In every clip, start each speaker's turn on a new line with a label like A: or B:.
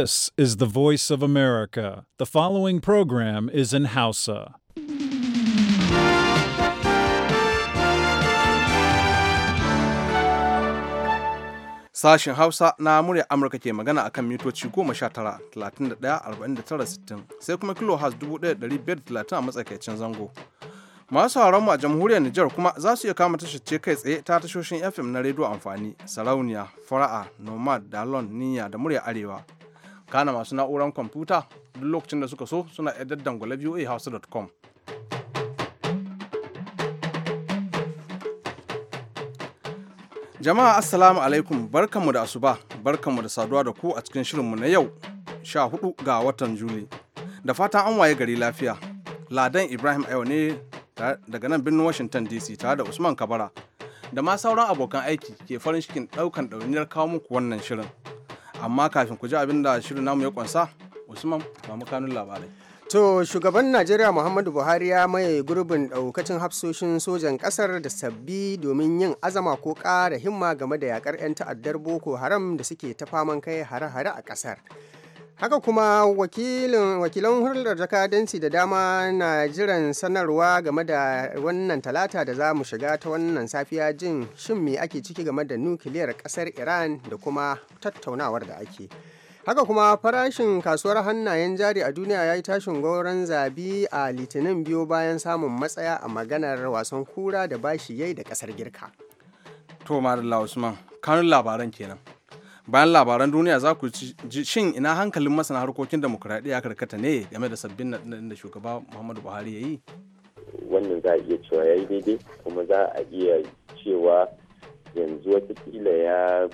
A: This is the voice of America. The following program is in Hausa.
B: Sashen Hausa na murya Amurka ke magana akan mitoci 19 da tara 60 sai kuma kilo da 1530 a matsakaicin zango. Masu haramu mu a jamhuriyar Nijar kuma za su iya kama tashar kai tsaye ta tashoshin FM na rediyo amfani, sarauniya, fara'a, nomad, dalon, niyya da murya arewa. kana masu na'urar kwamfuta duk lokacin da suka so suna iya daddangwale voahouse.com jama'a assalamu alaikum barkanmu da asuba barkanmu da saduwa da ku a cikin shirinmu na yau 14 ga watan juli da fatan an waye gari lafiya ladan ibrahim ayo ne daga nan birnin washington dc tare da usman kabara da ma sauran abokan aiki ke farin cikin daukan dauniyar kawo muku wannan shirin amma kafin ku ji abin da shirin
C: namu ya kwansa usman ba mu kanun labarai To shugaban Najeriya Muhammadu Buhari ya maye gurbin daukacin hafsoshin sojan kasar da sabbi domin yin azama ko ƙara himma game da yakar 'yan ta'addar Boko Haram da suke ta faman kai hare-hare a kasar. haka kuma wakilan hurlar jakadanci da dama na jiran sanarwa game da wannan talata da za mu shiga ta wannan safiya jin shin me ake ciki game da nukiliyar ƙasar iran da kuma tattaunawar da ake haka kuma farashin kasuwar hannayen jari a duniya ya yi tashin gauran zabi a litinin biyu bayan samun matsaya a maganar wasan kura da bashi yayi da kasar girka
B: to usman kanun labaran kenan bayan labaran duniya za ku ji shin ina hankalin masana harkokin demokuraɗiyya karkata ne game da sabbin nadin da shugaba muhammadu buhari ya yi
D: wannan za a iya cewa ya yi daidai kuma za a iya cewa yanzu watakila ya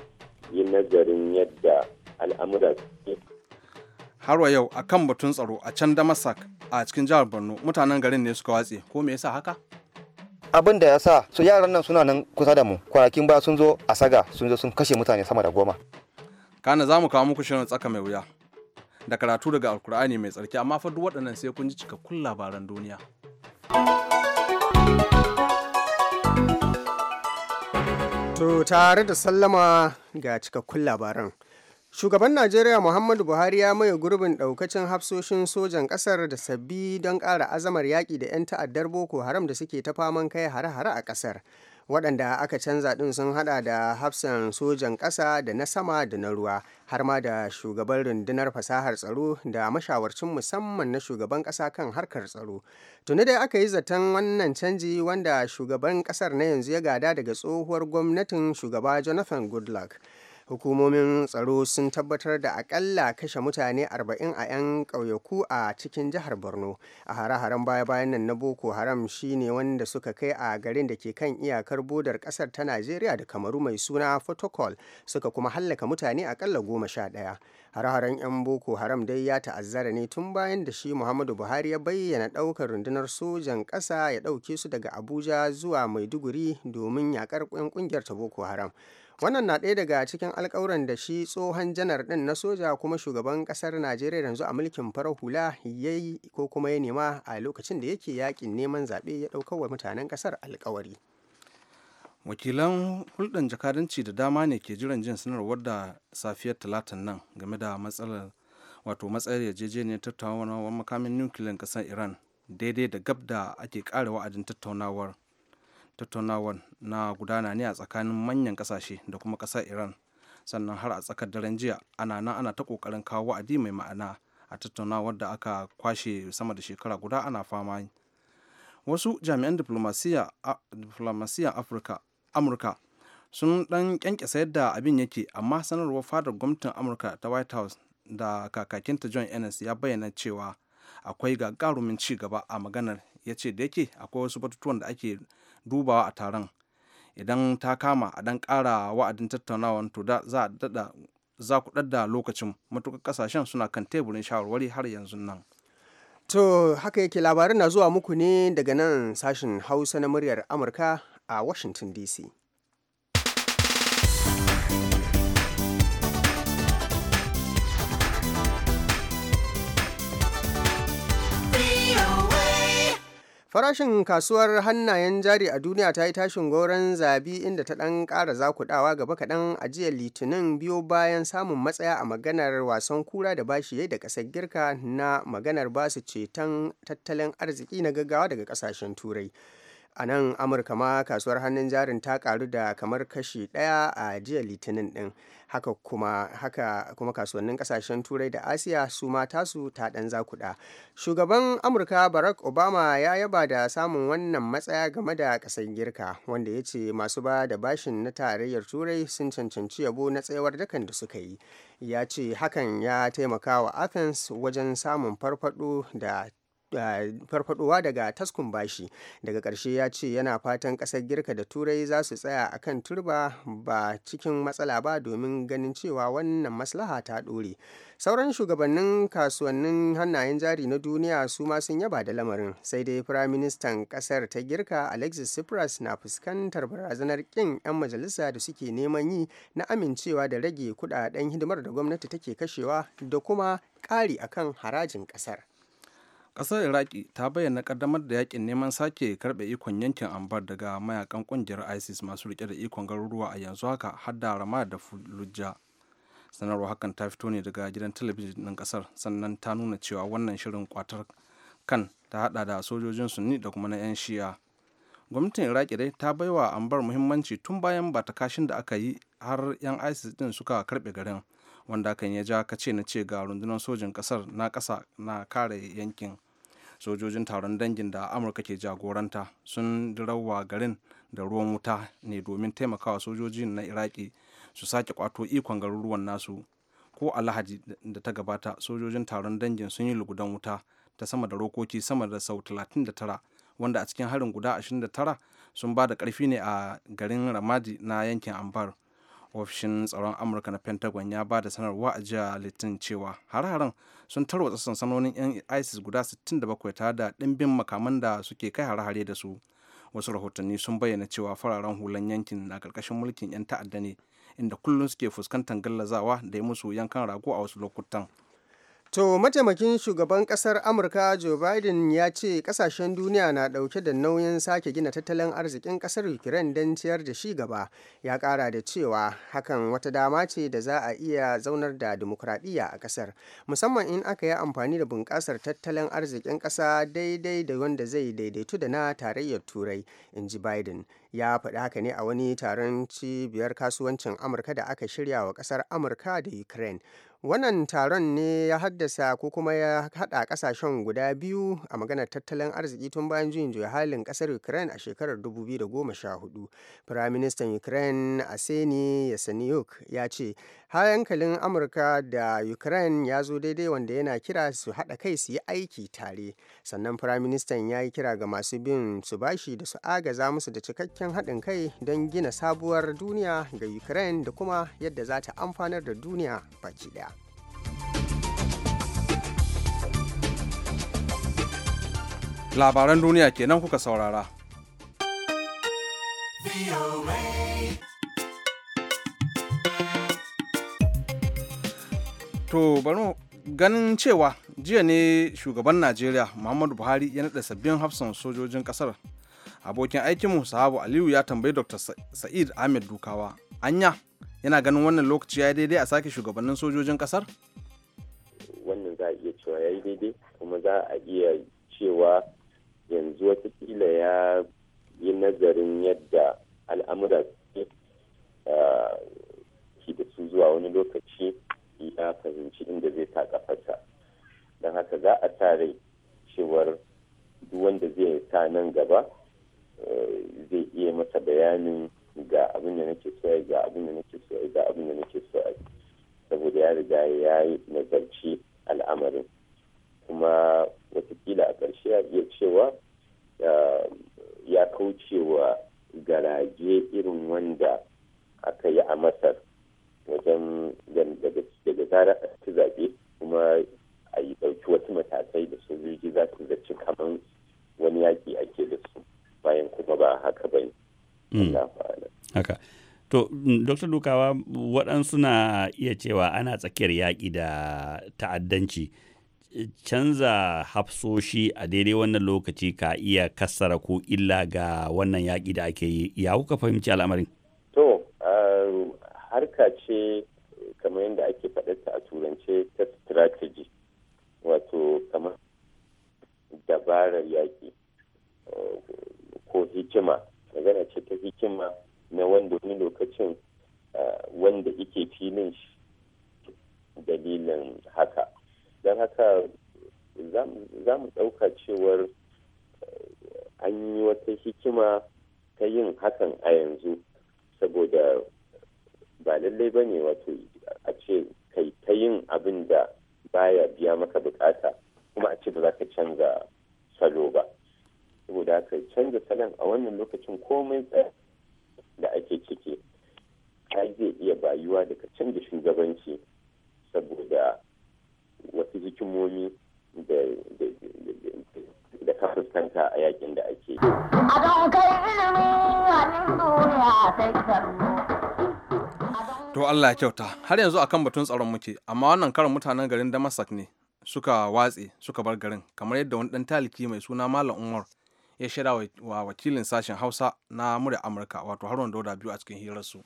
D: yi nazarin yadda al'amura suke
B: har wa yau a kan batun tsaro a can damasak a cikin jihar borno mutanen garin ne suka watse ko me yasa haka
E: abin da ya sa su yaran nan suna nan kusa da mu kwanakin ba sun zo a saga sun zo sun kashe mutane sama da goma
B: kana za mu kawo muku shirin tsaka mai wuya da karatu daga alkur'ani mai tsarki amma fa duk waɗannan sai kun ji cikakkun labaran duniya
C: to tare da sallama ga cikakkun labaran Shugaban Najeriya Muhammadu Buhari ya maye gurbin daukacin hafsoshin sojan kasar da sabbi don kara azamar yaƙi da 'yan ta'addar Boko Haram da suke ta faman kai hare-hare a ƙasar. waɗanda aka canza ɗin sun haɗa da hafsan sojan ƙasa da na sama da na ruwa har ma da shugaban rundunar fasahar tsaro da mashawarcin musamman na shugaban ƙasa kan harkar tsaro tuni dai aka yi zaton wannan canji wanda shugaban ƙasar na yanzu ya gada daga tsohuwar gwamnatin shugaba jonathan goodluck hukumomin tsaro sun tabbatar da akalla kashe mutane 40 a 'yan ƙauyaku a cikin jihar borno a hare-haren baya-bayan nan na boko haram shine wanda suka kai a garin da ke kan iyakar bodar ƙasar ta najeriya da kamaru mai suna protocol suka kuma hallaka mutane akalla goma sha ɗaya hare-haren 'yan boko haram dai ya ta'azzara ne tun bayan da shi muhammadu buhari ya bayyana ɗaukar rundunar sojan ƙasa ya ɗauke su daga abuja zuwa maiduguri domin yaƙar ƙungiyar ta boko haram wannan na ɗaya daga cikin alkawuran da shi tsohon janar ɗin na soja kuma shugaban ƙasar najeriya yanzu a mulkin farar hula ya yi ko kuma ya nema a lokacin da yake yakin neman zaɓe ya ɗaukar wa mutanen ƙasar alkawari
B: wakilan hulɗar jakadanci da dama ne ke jiran jin sanarwar da safiyar talatin nan game da matsalar wato matsayar yarjejeniyar tattaunawar makamin nukiliyar ƙasar iran daidai da gab da ake ƙara wa'adin tattaunawar tattaunawar na gudana ne a tsakanin manyan kasashe da kuma kasar iran sannan har a tsakar daren jiya ana nan ana ta kokarin kawo wa'adi mai ma'ana a tattaunawar da aka kwashe sama da shekara guda ana fama wasu jami'an diplomasiyyar afirka amurka sun dan kyankyasa yadda abin yake amma sanarwar fadar gwamnatin amurka ta white house da kakakinta john ennis ya bayyana cewa akwai gagarumin ci gaba a maganar ya ce da yake akwai wasu batutuwan da ake dubawa a taron idan ta kama a dan kara wa'adin tattaunawa to da za a za ku da lokacin matukar ƙasashen
C: suna kan teburin shawarwari har yanzu nan. To haka yake labarin na zuwa muku ne daga nan sashen Hausa na muryar Amurka a Washington DC. Farashin kasuwar hannayen jari a duniya ta yi tashin goron zabi inda ta ɗan ƙara zakudawa gaba kaɗan a litinin biyo bayan samun matsaya a maganar wasan kura da bashi da ƙasar girka na maganar basu ceton tattalin arziki na gaggawa daga ƙasashen turai. a nan amurka ma kasuwar hannun jarin ta karu da kamar kashi ɗaya a jiya litinin ɗin haka kuma haka kuma kasuwannin kasashen turai da asiya su ma tasu ta ɗan zakuda shugaban amurka barack obama ya yaba da samun wannan matsaya game da ƙasar girka wanda ya ce masu ba da bashin na tarayyar turai sun cancanci yabo na tsayawar dakan da suka yi ya ce hakan ya taimaka wa athens wajen samun farfado da farfadowa daga taskun bashi daga ƙarshe ya ce yana fatan ƙasar girka da turai za su tsaya a kan turba ba cikin matsala ba domin ganin cewa wannan maslaha ta ɗore sauran shugabannin kasuwannin hannayen jari na duniya su ma sun yaba da lamarin sai dai firaministan ƙasar ta girka alexis tsipras na fuskantar barazanar ƙin 'yan majalisa da suke neman yi na amincewa da rage kudaden hidimar da gwamnati take kashewa da kuma ƙari akan harajin ƙasar
B: Ƙasar iraki ta bayyana kaddamar da yakin neman sake karbe ikon yankin ambar daga mayakan kungiyar isis masu rike da ikon garuruwa a yanzu haka har da rama da fallujah sanarwa hakan ta fito ne daga gidan talabijin ɗin kasar sannan ta nuna cewa wannan shirin kwatar kan ta hada da sojojin sunni da kuma na 'yan shi'a gwamnatin iraki dai ta baiwa ambar muhimmanci tun bayan ba ta kashin da aka yi har 'yan isis din suka karbe garin wanda hakan ya ja kace na ce ga rundunar sojin kasar na kasa na kare yankin sojojin taron dangin da amurka ke jagoranta sun dirawa garin da ruwan wuta ne domin taimakawa sojoji na iraki su sake kwato ikon garuruwan nasu ko a lahadi da ta gabata sojojin taron dangin sun yi lugudan wuta ta sama da rokoki sama da sau 39 wanda a cikin harin guda 29 sun ba da ƙarfi ne a garin ramadi na yankin ambar ofishin tsaron amurka na pentagon ya ba da sanarwa a jiya litinin cewa hare haren sun tarwatsa sansanonin 'yan isis guda 67 tare da ɗimbin makaman da suke kai hare hare da su wasu rahotanni sun bayyana cewa fararen hulan yankin na ƙarƙashin mulkin 'yan ta'adda ne inda kullum suke fuskantar gallazawa da ya musu yankan rago a wasu lokutan
C: To mataimakin shugaban kasar Amurka Joe Biden ya ce kasashen duniya na dauke da nauyin sake gina tattalin arzikin kasar Ukraine don ciyar da shi gaba. Ya kara da cewa hakan wata dama ce da za a iya zaunar da demokradiyya a kasar, musamman in aka yi amfani da bunƙasar tattalin arzikin ƙasa daidai da wanda zai daidaitu da na tarayyar Turai, in ji Biden. ya faɗi haka ne a wani taron cibiyar kasuwancin amurka da aka shirya wa ƙasar amurka da ukraine Wannan taron ne ya haddasa ko kuma ya haɗa ƙasashen guda biyu a maganar tattalin arziki tun bayan juyin juya halin ƙasar Ukraine a shekarar 2014. Firaministan Ukraine Arseniy Yatsenyuk ya ce hankalin Amurka da Ukraine ya zo daidai wanda yana kira su haɗa kai su yi aiki tare. sannan firaministan ya yi kira ga masu bin su bashi da su agaza musu da cikakken haɗin kai don gina sabuwar duniya ga ukraine da kuma yadda za ta amfanar da duniya baki ɗaya.
B: labaran duniya kenan kuka saurara. To bari ganin cewa jiya ne shugaban najeriya muhammadu buhari ya naɗa sabbin hafsan sojojin ƙasar abokin aikinmu sahabu aliyu ya tambayi dr sa'id ahmed dukawa anya yana ganin wannan lokaci ya daidai a sake shugabannin sojojin ƙasar
D: wannan za a iya cewa ya daidai kuma za a iya cewa yanzu watakila ya yi nazarin yadda al'amura ke ah, da su zuwa wani lokaci ya fahimci inda zai ta kafarsa don haka za a tare cewar duk wanda zai ta nan gaba eh, zai iya masa bayanin ga abin da nake so ga abin da nake so ga abin da nake so saboda ya riga ya yi nazarci al'amarin kuma watakila a ƙarshe ya iya cewa eh, ya kaucewa garaje irin wanda aka yi a masar wajen daga zarar a ci zaɓe kuma a yi ɗauki wasu matakai da sojoji za su zaci kamar wani yaƙi ake da su bayan kuma ba haka ba hmm. haka to mm, dr dukawa waɗansu na iya cewa ana tsakiyar yaƙi da ta'addanci canza hafsoshi a daidai wannan lokaci ka iya kassara ko illa ga wannan yaƙi da ake yi ya kuka fahimci al'amarin to harka ce kamar yadda ake faɗarta a turance ta strategy wato kamar dabarar yaƙi uh, ko hikima magana ce ta hikima na wanda wani lokacin uh, wanda ike filin shi dalilin haka don haka za mu ɗauka cewar uh, an yi wata hikima ta yin hakan a yanzu saboda ba lallai ba ne wato a ce kai ta yin abin da baya biya maka bukata kuma a ce ba za ka canza salo ba saboda haka canza salon a wannan lokacin komai da ake cike ta zai iya bayuwa daga canza shugabanci saboda wasu hikimomi da ka fuskanta a yakin da ake yi.
A: A kai ilimin wani duniya sai
B: To Allah ya kyauta, har yanzu akan batun tsaron muke, amma wannan karin mutanen garin Damasak ne suka watse suka bar garin, kamar yadda wani dan taliki mai suna Malam Umar ya shaida wa wakilin sashen Hausa na murya Amurka wato har Haruna Dauda biyu a cikin su.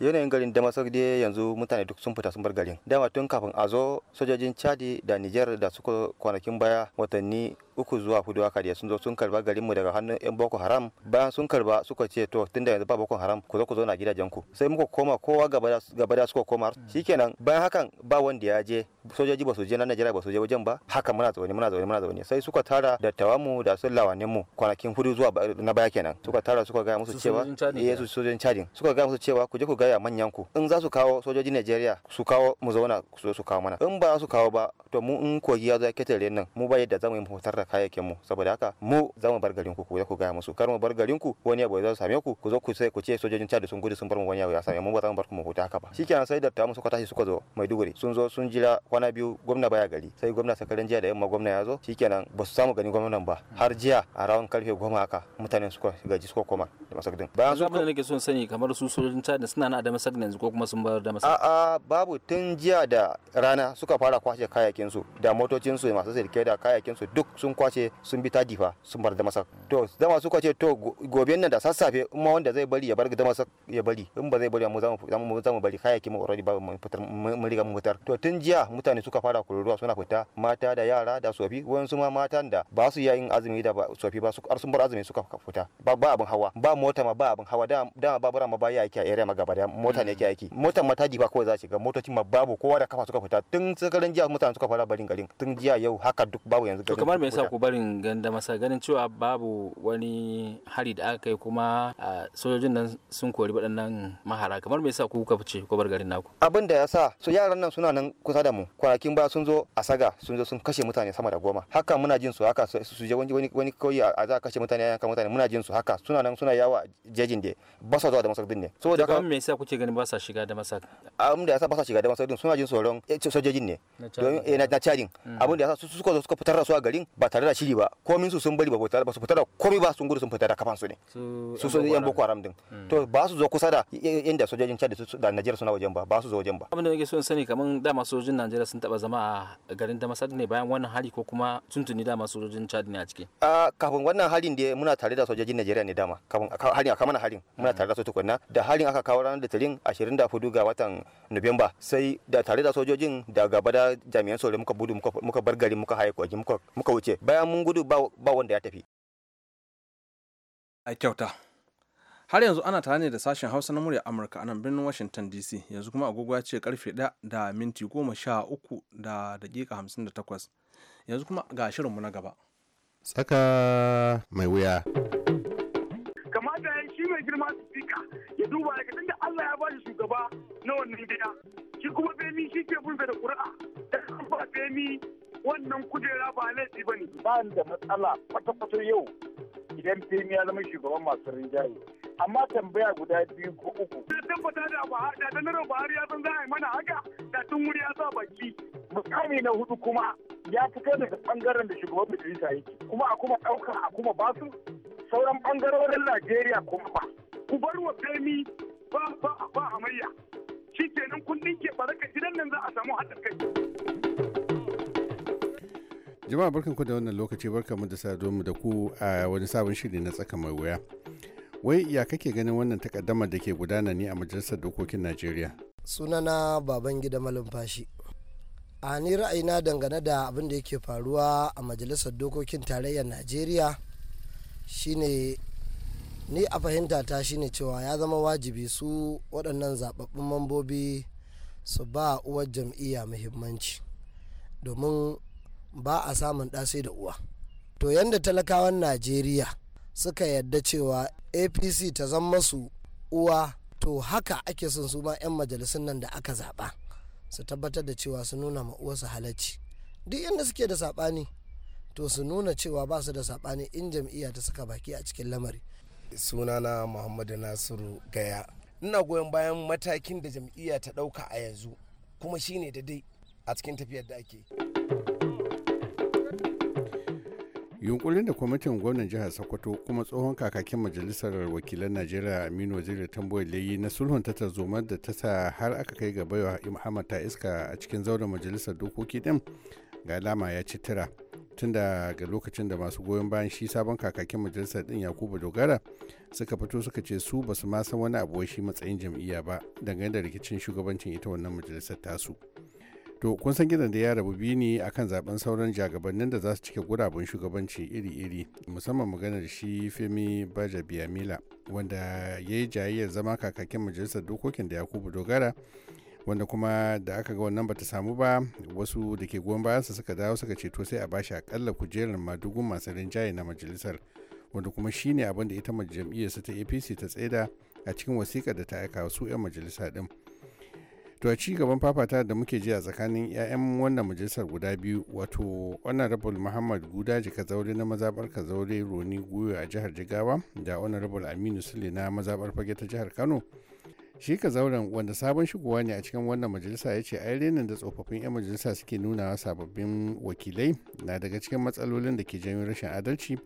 E: yanayin garin damasak dai yanzu mutane duk sun fita sun bar garin dama tun kafin a zo sojojin chadi da niger da suka kwanakin baya watanni uku zuwa hudu haka da sun zo sun karba garinmu daga hannun yan boko haram bayan sun karba suka ce to tunda yanzu ba boko haram ku zo ku zauna gidajen ku sai muka koma kowa gaba da suka koma shikenan bayan hakan ba wanda ya je sojoji ba su je na Najeriya ba su je wajen ba haka muna zaune muna zaune muna zaune sai suka tara dattawan mu da sun lawanin mu kwanakin hudu zuwa na baya kenan suka tara suka ga musu cewa eh su sojojin Chadin suka ga musu cewa ku je ku ga manyan ku in za su kawo sojojin Najeriya su kawo mu zauna su su kawo mana in ba su kawo ba to mu in kogi ya zo ya ketare nan mu ba yadda zamu yi mu hutar da kayayyakin mu saboda haka mu za mu bar garin ku ku ku gaya musu kar mu bar garin ku wani abu ya same ku ku zo ku sai ku ce sojojin Chad sun gudu sun bar mu wani abu ya same mu ba za mu bar ku mu huta haka ba shikenan sai da tamu suka tashi suka zo Maiduguri sun zo sun jira kwana biyu gwamna baya gari sai gwamna sakarin jiya da yamma gwamna ya zo shikenan ba su samu gani gwamnan ba har jiya a rawan karfe goma haka mutanen suka gaji suka koma da masakdin bayan su kuma nake son sani kamar su sojojin Chad suna na da masakdin yanzu ko kuma sun bar da masakdin a'a babu tun jiya da rana suka fara kwashe kayayyakin su da motocin su masu sirke da kayayyakin su duk sun kwace sun bi tadi sun bar damasak to zama su kwace to gobe nan da sassafe in ma wanda zai bari ya bar damasak ya bari in ba zai bari mu zamu zamu bari kayaki mu already babu mu fitar mun riga mu fitar to tun jiya mutane suka fara kururuwa suna fita mata da yara da sofi su ma matan da ba su yayin azumi da sofi ba su har sun bar azumi suka fita ba ba abin hawa ba mota ma ba abin hawa da da babura ma ba ya yake a area ma gaba da mota ne hmm. yake aiki mota ma tadi ba kawai za shiga motocin ma babu kowa da kafa suka fita tun sakarin jiya mutane suka fara barin garin tun jiya yau haka duk babu yanzu kamar me yasa ku
B: barin ganda masa ganin cewa babu wani hari da aka yi kuma sojojin nan sun kori waɗannan mahara kamar me yasa ku kuka fice ku bar garin naku
E: abin da yasa so yaran nan suna nan kusa da mu kwanakin ba sun zo a saga sun zo sun kashe mutane sama da goma haka muna jin su haka su je wani wani kauye a za kashe mutane kan mutane muna jin su haka suna nan suna yawa jejin da ba sa zuwa da masardin ne saboda haka
B: me yasa kuke ganin ba sa shiga da masar
E: abin da yasa ba sa shiga da masardin suna jin tsoron eh, sojojin ne na cajin eh, mm. abin da yasa su suka zo suka fitar da su a garin ba tare da shiri ba komin su sun bari ba ba su fita da komai ba sun gudu sun fita da su ne su sun yan boko haram din to hmm. ba su zo kusa da inda sojojin Chad da Najeriya suna wajen ba ba su zo wajen ba
B: abin da nake so in sani kaman masu sojojin Najeriya sun taba zama a garin Damascus ne bayan wannan hali ko kuma tuntuni masu sojojin Chad ne a ciki
E: a kafin wannan halin da muna tare da sojojin Najeriya ne dama kafin halin aka mana halin muna hmm. tare da su tukunna da halin aka kawo ranar da tarin 24 ga watan Nuwamba sai da tare da sojojin da gaba da jami'an tsaro muka budu muka bar gari muka haye kwaji muka wuce bayan mun gudu ba wanda ya tafi
B: a kyauta har yanzu ana tare ne da sashen hausa na murya amurka a nan birnin washington dc yanzu kuma agogo ya ce karfe 1 da minti 13 da dakika 58 yanzu kuma ga shirinmu na gaba
F: tsaka mai wuya
G: kamata ya shi mai girma spika ya duba daga tunda allah ya bashi shugaba na wannan gida shi kuma femi shi ke bulbe da ƙuri'a da an femi. wannan kujera ba laifi ba ne. Ba da matsala kwata-kwata yau idan femi ya zama shugaban masu rinjaye. Amma tambaya guda biyu ko uku. Na tabbata da haɗa, da Janar Buhari ya san za a yi mana haka da tun wuri ya sa baki. Mukami na hudu kuma ya fito daga bangaren da shugaban majalisa yake. Kuma a kuma ɗauka a kuma basu sauran bangarorin Najeriya kuma ba. Ku bar wa femi ba ba ba hamayya. Shi kenan kun ɗinke baraka gidan nan za a samu haɗa kai.
F: jama'a barkanku da wannan lokaci mu da sadu mu da ku a wani sabon shiri na tsaka mai wuya wai ya kake ganin wannan takaddamar da ke gudana ne a majalisar dokokin najeriya
C: sunana baban gida malumfashi a ni ra'ayina dangane da abin da yake faruwa a majalisar dokokin tarayyar najeriya shine ni a fahimta ta shine cewa ya zama wajibi su waɗannan zababbun mambobi su ba uwar jam'iyya muhimmanci domin ba a samun ɗa sai da uwa to yadda talakawan najeriya suka yadda cewa apc ta zama su uwa to haka ake son su ma 'yan majalisun nan da aka zaɓa su tabbatar da cewa su nuna ma uwarsu halacci duk yadda suke da saɓani to su nuna cewa ba su da saɓani in jam'iyya ta saka baki a cikin lamari sunana muhammadu nasiru gaya ina goyon bayan
E: matakin da jam'iyya ta ɗauka a yanzu kuma shine da dai a cikin tafiyar da ake.
F: yunkurin da kwamitin gwamnan jihar sokoto kuma tsohon kakakin majalisar wakilan najeriya aminu waziri tamboyi layi na sulhun ta tarzoma da ta sa har aka kai ga baiwa muhammad ta iska a cikin zauren majalisar dokoki din ga alama ya ci tira tun daga lokacin da masu goyon bayan shi sabon kakakin majalisar din yakubu dogara suka fito suka ce su basu ma san wani abu shi matsayin jam'iyya ba dangane da rikicin shugabancin ita wannan majalisar tasu. to kun san gidan da ya rabu biyu ne akan zaben sauran jagabannin da za su cike gurabun shugabanci iri-iri musamman maganar shi femi baja biyamila wanda ya yi jayayyar zama kakakin majalisar dokokin da yakubu dogara wanda kuma da aka ga wannan bata samu ba wasu da ke goyon bayansa suka dawo suka ce to sai a bashi akalla kujerar madugun masu rinjaye na majalisar wanda kuma shine abin da ita jam'iyyarsa ta apc ta tsaida a cikin wasiƙar da ta aika su 'yan majalisa din to a ci gaban fafata da muke ji a tsakanin 'ya'yan wannan majalisar guda biyu wato honorable muhammad guda jika zaure na mazabar zaure roni goyo a jihar jigawa da honorable aminu sule na mazabar fage ta jihar kano shi ka zauren wanda sabon shigowa ne a cikin wannan majalisa ya ce ai renin da tsofaffin 'yan majalisa suke nuna sababbin wakilai na daga cikin matsalolin da ke janyo rashin adalci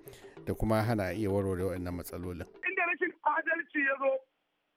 F: da kuma hana iya warware wannan matsalolin
G: inda rashin adalci ya zo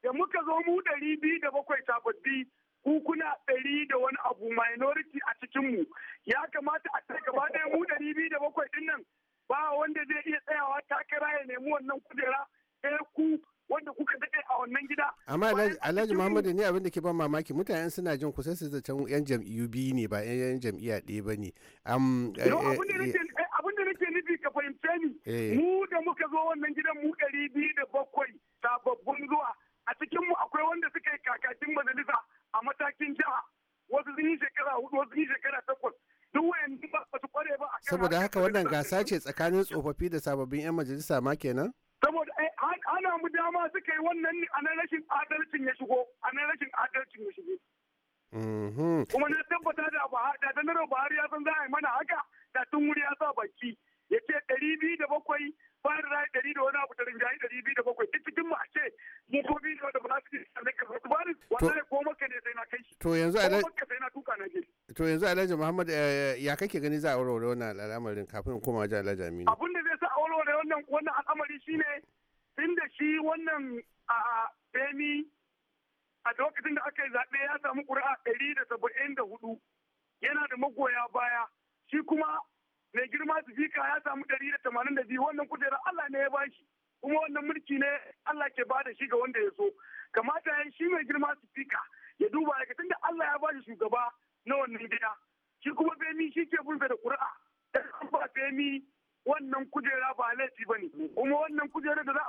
G: da muka zo mu ɗari biyu da bakwai sababbi ku kuna ɗari da wani abu minority a cikinmu ya kamata a ce gaba ɗaya mu ɗari biyu da bakwai ɗin nan ba wanda zai iya tsayawa takara ya nemi wannan kujera ɗaya eh, ku wanda kuka daɗe a wannan gida. Amma
F: Alhaji Muhammadu ne abin da ke ban mamaki mutanen suna jin kusa su zata 'yan jam'iyyu biyu ne ba 'yan jam'iyya ɗaya ba ne. Eh, eh, abin
D: da nake nufi ka fahimce ni
G: mu da muka zo wannan gidan mu ɗari biyu da bakwai sababbin zuwa a cikinmu akwai wanda suka yi kakakin majalisa matakin jiha wasu sun yi shekara hudu wasu sun yi shekara takwas duk wayan ba su kware ba a saboda haka
F: wannan gasa ce tsakanin tsofaffi da sababbin yan majalisa ma kenan
G: saboda eh, ana mu dama suka yi wannan a nan rashin adalcin ya shigo a nan rashin adalcin ya shigo
B: mm-hmm.
G: kuma na tabbata da da janar buhari ya san za a yi mana haka da tun wuri ya sa baki ya ce ɗari biyu da bakwai fara rayu ɗari da wani abu da rinjaye ɗari biyu da bakwai duk cikin mu a ce mu ko biyu da ba su ji sannan ka fasu bani wanda ko maka ne sai na kai shi to yanzu a maka sai na tuka
F: na je to yanzu alhaji muhammad eh, ya kake gani za a warware wannan al'amarin kafin koma wajen alhaji aminu
G: abin da zai sa a warware wannan wannan al'amari shi shine tunda shi wannan a bemi a lokacin da aka yi zaɓe ya samu ƙuri'a ɗari da saba'in da hudu yana da magoya baya shi kuma mai girma sifika ya samu ɗari da tamanin da biyu wannan kujera Allah ne ya bashi kuma wannan mulki ne Allah ke ba da shi ga wanda ya so kamata ya shi mai girma sifika ya duba ya tun da Allah ya ba shi shugaba na wannan gida shi kuma bemi shi ke bulbe da ƙuri'a da ba bemi wannan kujera ba laifi ba ne kuma wannan kujera da za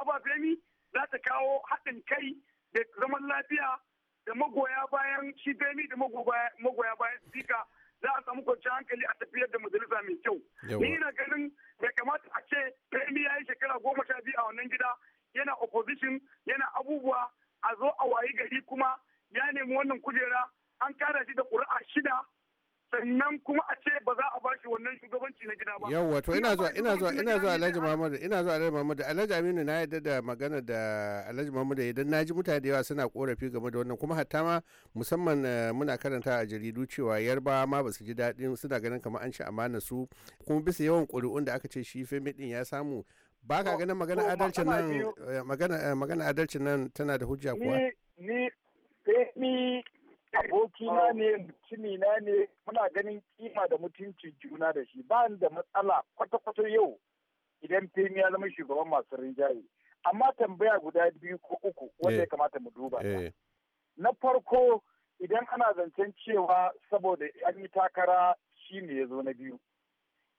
F: ina zuwa ina zuwa ina zuwa Alhaji Muhammadu ina zuwa Alhaji muhammad Alhaji Aminu na yadda da magana da Alhaji Muhammadu idan ji mutane da yawa suna korafi game da wannan kuma hatta ma musamman eh, muna karanta a jaridu cewa yarba ma basu ji daɗin suna ganin kamar an ci amana su kuma bisa yawan ƙuri'un da aka ce shi Femi din ya samu ba ka ganin magana adalcin nan eh, eh, magana adalcin nan tana da hujja kuwa
G: ni ni abokina oh. ne mutumina ne muna ganin kima da mutuncin juna da shi ba da matsala kwata-kwata yau idan fim ya zama shugaban masu rinjaye amma tambaya guda biyu ko uku wanda ya eh. kamata mu duba eh. na farko idan ana zancen cewa saboda an yi takara shi ne ya zo na biyu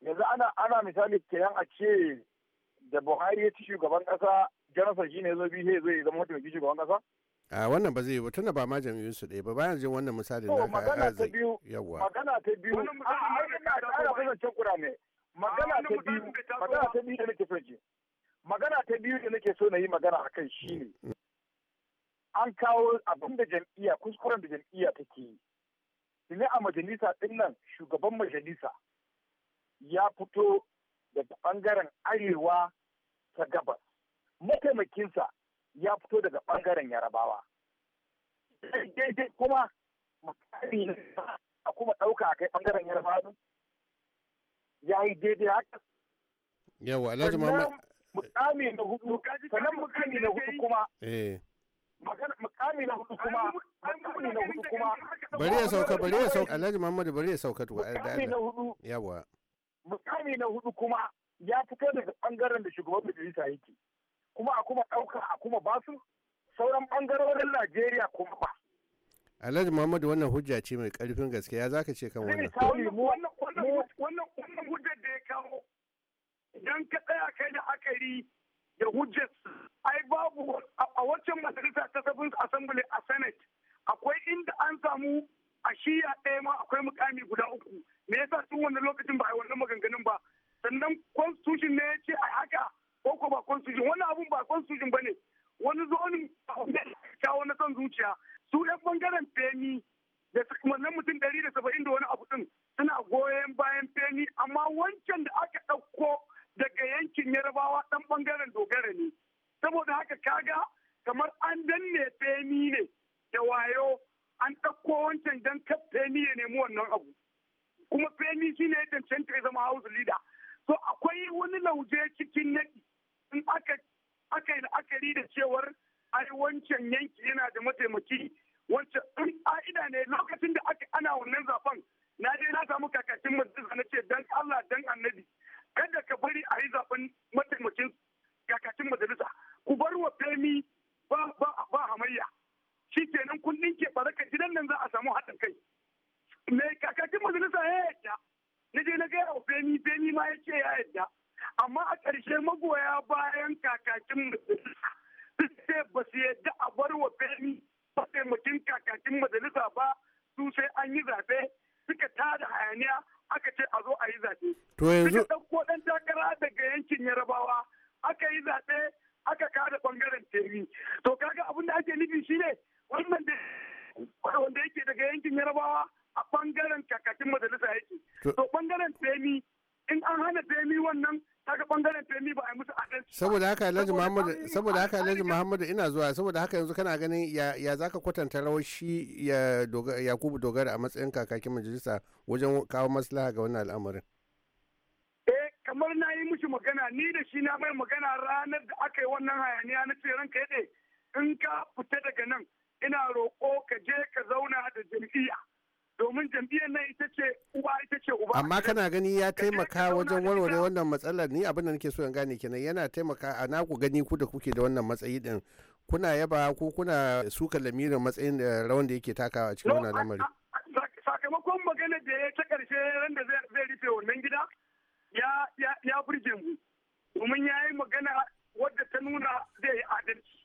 G: yanzu ana ana misali kenan a ce da buhari ya ci shugaban kasa janasa shi ne ya zo biyu ya zo ya zama mataimakin shugaban kasa
F: a wannan ba zai yi ba tunda ba ma jam'iyyun su ɗaya ba bayan jin wannan misalin na magana ta biyu magana
G: ta biyu a a ƙara kusancin kura ne magana ta biyu magana ta biyu da nake son magana ta biyu da nake so na yi magana a kai shi ne mm. an kawo abin da jam'iyya kuskuren da jam'iyya take yi ne a majalisa ɗin nan shugaban majalisa ya fito daga bangaren arewa ta gabas mataimakinsa ya fito daga ɓangaren yarabawa daidai kuma mutane a kuma ɗauka a kai bangaren yarabawa ya yi daidai haka
F: yawa alhaji muhammad
G: mukami na hudu sannan mukami na hudu kuma eh. mukami na hudu kuma na kuma bari ya sauka bari ya sauka
F: alhaji Muhammadu bari ya sauka tuwa mukami na hudu yawa
G: mukami na hudu kuma ya fito daga bangaren da shugaban majalisa yake kuma a kuma ɗauka a kuma basu sauran ɓangarorin Najeriya kuma ba.
F: Alhaji Muhammadu wannan hujja ce mai ƙarfin gaske ya zaka ce kan wannan.
G: Wannan hujjar da ya kawo idan ka tsaya kai da hakari da hujjar ai babu a waccan majalisa ta sabon assembly a senate akwai inda an samu a shiya ɗaya ma akwai mukami guda uku me yasa tun wannan lokacin ba a yi wannan maganganun ba sannan constitution ne ya ce a haka wasu su bane ga gaya wa Femi Femi ma ya ce ya yadda. Amma a ƙarshe magoya bayan kakakin majalisa sun ba su yadda a bar wa Femi taimakin kakakin majalisa ba su sai an yi zaɓe suka tada hayaniya aka ce a zo a yi zaɓe. To yanzu. Suka ɗauko ɗan takara daga yankin Yarabawa aka yi zaɓe aka kada ɓangaren Femi. To kaga abin da ake nufi shine wannan da wanda yake daga yankin Yarabawa a bangaren kakakin majalisa yake to bangaren femi in an hana femi wannan kaga bangaren femi ba a yi musu adalci
F: saboda haka Alhaji Muhammad saboda haka Alhaji Muhammad ina zuwa saboda haka yanzu kana ganin ya ya zaka kwatanta rawar shi ya Yakubu Dogara a matsayin kakakin majalisa wajen kawo maslaha ga wannan al'amarin
G: eh, kamar na yi mishi magana ni da shi na mai magana ranar da aka yi wannan hayaniya na ce ranka in ka fita daga nan ina roƙo ka je ka zauna da jam'iyya wannan ita ce uwa ita ce uba amma kana
F: gani ya taimaka wajen warware wannan matsalar ni abin da nake so in gane kenan yana taimaka a naku gani ku da kuke da wannan matsayi din kuna yaba ko kuna suka lamirin matsayin da rawan da yake takawa cikin wannan lamari
G: sakamakon magana da ya ta karshe ran da zai rufe wannan gida ya ya burge mu domin ya yi magana wadda ta nuna zai yi adalci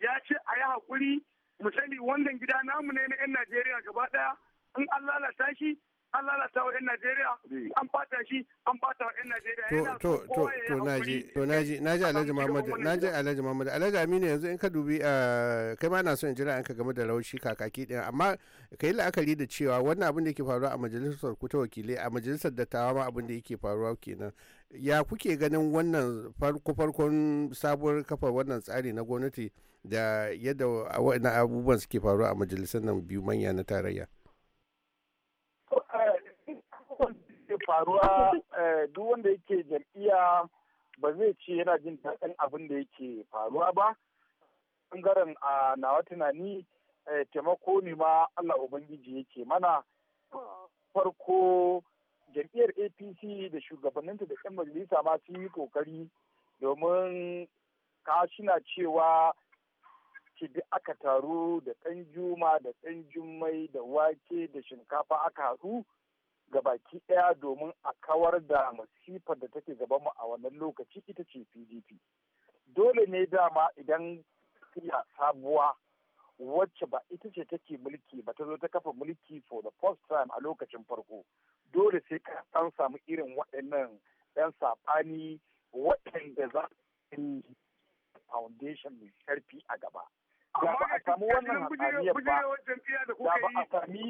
G: ya ce a yi haƙuri mu sani wannan gida namu ne na 'yan najeriya gaba daya. in an lalata shi an lalata wa 'yan Najeriya an bata shi an bata wa 'yan Najeriya to to to
F: naji to naji naji Alhaji Muhammad naji Alhaji Muhammad Alhaji Aminu yanzu in ka dubi eh, kai ma na so in jira an ka game da laushi kakaki din amma yi la'akari da cewa wannan abin da yake faruwa a majalisar ku ta wakilai a majalisar dattawa ma abin da yake faruwa kenan ya kuke ganin wannan farko farkon sabuwar kafa wannan tsari na gwamnati da yadda waɗannan abubuwan suke faruwa a majalisar nan biyu manya na tarayya
G: faruwa eh, duk wanda yake jam'iyya ba zai ce yana jin daɗin abin da yake faruwa ba ɓangaren a nawa tunani eh, taimako ne ma Allah Ubangiji yake mana farko jam'iyyar APC da shugabanninta da 'yan majalisa ma sun yi kokari domin kashina cewa bi aka taru da ɗan juma da ɗan jummai da wake da shinkafa aka haɗu ga baki ɗaya domin a kawar da masifar da take mu a wannan lokaci ita ce pdp dole ne dama idan siya sabuwa wacce ba ita ce take mulki ba ta zo ta kafa mulki for the first time a lokacin farko dole sai ka ɗan samu irin waɗannan ɗan saɓani waɗanda za su foundation mai ƙarfi a gaba. Da ba a samu wannan hatsaniyar ba, da ba a sami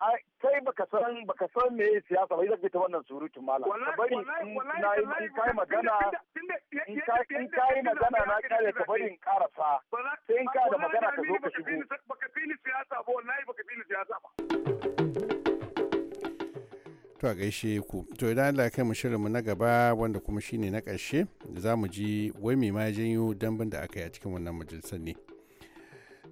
G: kai baka san baka san me siyasa ba zaka ta wannan surutun mala ka bari in kai magana in kai kai magana na kare ka bari in karasa sai in ka da magana ka zo ka shigo baka fili siyasa ba wallahi baka fili siyasa ba
F: to a gaishe ku to idan Allah ya kai mu shirinmu na gaba wanda kuma shine na ƙarshe za mu ji wai me ma janyo dambin da aka yi a cikin wannan majalisar ne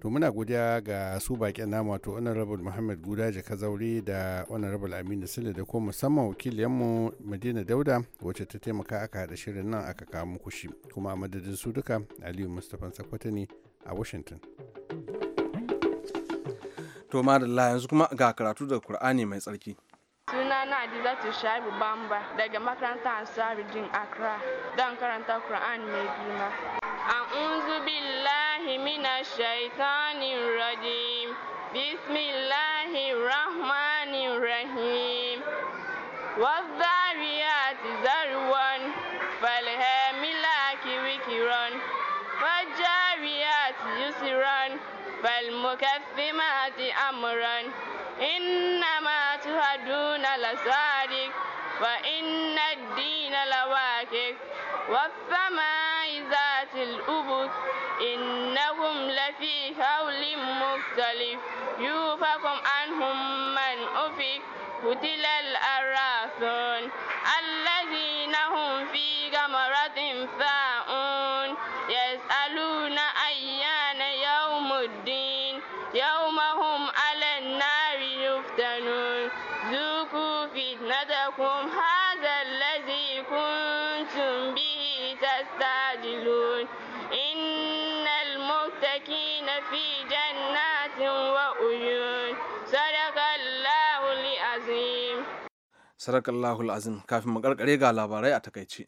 F: to muna godiya ga su baƙin namu wato honorable muhammad guda jaka zaure da honorable aminu sule da ko musamman wakiliyanmu madina dauda wacce ta taimaka aka haɗa shirin nan aka kawo muku shi kuma a madadin su duka aliyu mustapha sakwata ne
B: a washington to madalla yanzu kuma ga karatu da kur'ani mai tsarki
A: suna na adiza Adizatu Shaibu Bamba daga makarantar Ansari Jin Accra don karanta kur'ani mai girma. A'udhu billahi بالله من الشيطان الرجيم بسم الله الرحمن الرحيم والذاريات ذروا فالهاملات وكرا فالجاريات يسرا فالمكثمات أمرا إنما تهدون لصادق فان الدين لواكب والسماء ذات الأبد إنهم لفي هول مختلف يوفكم عنهم من أفك قتل الأراثون الذين هم في غمرة فاؤون يسألون أيان يوم الدين في جنات وعيون صدق الله العظيم
B: صدق الله العظيم كافي مقرقري ga labarai a takaici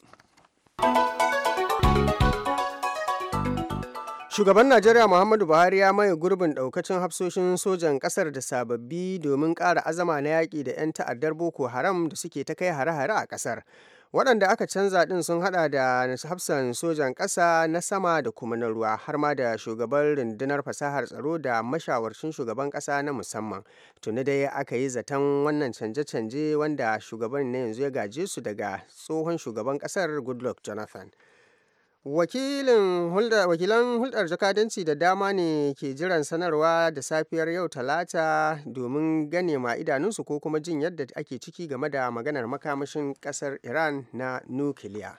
C: Shugaban Najeriya Muhammadu Buhari ya maye gurbin daukacin hafsoshin sojan kasar da sababbi domin ƙara azama na yaƙi da 'yan ta'addar Boko Haram da suke ta kai hare-hare a ƙasar. waɗanda aka canza ɗin sun haɗa da hafsan sojan ƙasa na sama da kuma na ruwa har ma da shugaban rundunar fasahar tsaro da mashawarcin shugaban ƙasa na musamman tuni dai aka yi zaton wannan canje-canje wanda shugaban na yanzu ya gaje su daga tsohon shugaban ƙasar goodluck jonathan Wakilin hulɗar, wakilan hulɗar jakadanci da dama ne ke jiran sanarwa da safiyar yau talata domin gane ma idanunsu ko kuma jin yadda ake ciki game da maganar makamashin ƙasar Iran na nukiliya.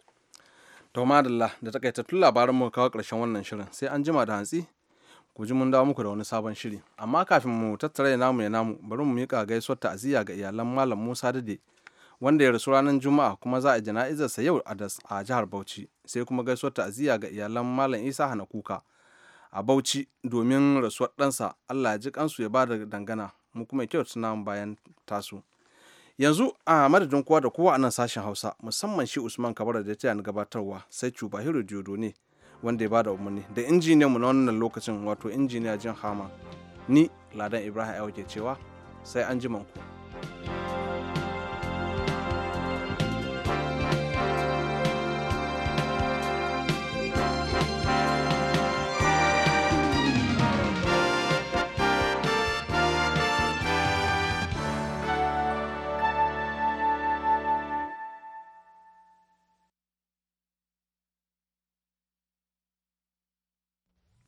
B: To madalla da tun labaran mu kawo ƙarshen wannan shirin sai an jima da hantsi ku ji mun dawo muku da wani sabon shiri amma kafin mu tattara ya namu ya namu bari mu miƙa gaisuwar ta'aziyya ga iyalan Malam Musa Dade wanda ya rasu ranar juma'a kuma za a jana'izarsa yau a jihar bauchi sai kuma gaisuwar ta'aziyya ga iyalan malam isa hana kuka a bauchi domin rasuwar ɗansa allah ya ji kansu ya ba da dangana mu kuma kyautu namu bayan tasu yanzu a madadin kowa da kowa a nan sashen hausa musamman shi usman kabara da ta gabatarwa sai cuba hiro diodo ne wanda ya bada umarni da injiniyan mu na wannan lokacin wato injiniya jin hama ni ladan ibrahim ke cewa sai an ji manku. ku